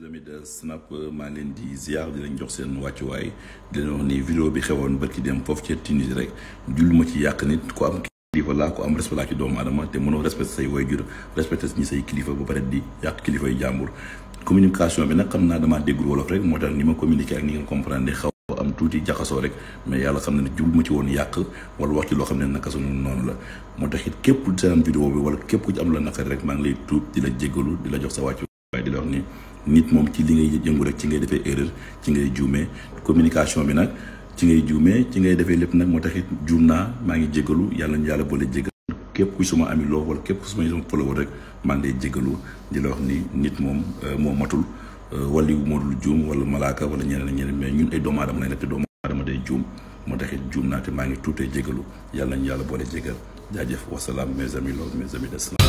mes amis de snap maa leen di ziar di jox seen wàccuwaay di leen wax ni vidéo bi xewoon bërki dem foofu ci Tunisie rek jullu ci yàq nit ku am kilifa laa ku am respect laa ci doomu adama te mënoo respecté say waajur respecté ñi say kilifa ba pare di yàq kilifa yu communication bi nag xam naa damaa déggul wolof rek moo tax ni ma communiqué ak ni ngeen comprendre xaw am tuuti jaxasoo rek mais yàlla xam ne jublu ma ci woon yàq wala wax ci loo waaye di la wax ni nit moom ci li ngay yëngu rek ci ngay defee erreur ci ngay juumee communication bi nag ci ngay juumee ci ngay defee lépp nag moo taxit juum naa maa ngi jégalu yàlla ñu yàlla boole jégal képp ku suma ami loo wala képp ku suma follower rek maa ngi lay di la wax ni nit moom euh, moo matul euh, wali moo dul juum wala malaaka wala ñeneen ak ñeneen mais ñun ay doomu aadama lañ rek te doomu aadama day juum moo taxit juum naa te maa ngi tuutee jégalu yàlla ñu yàlla boole jégal jaajëf wasalaam mes amis loolu mes amis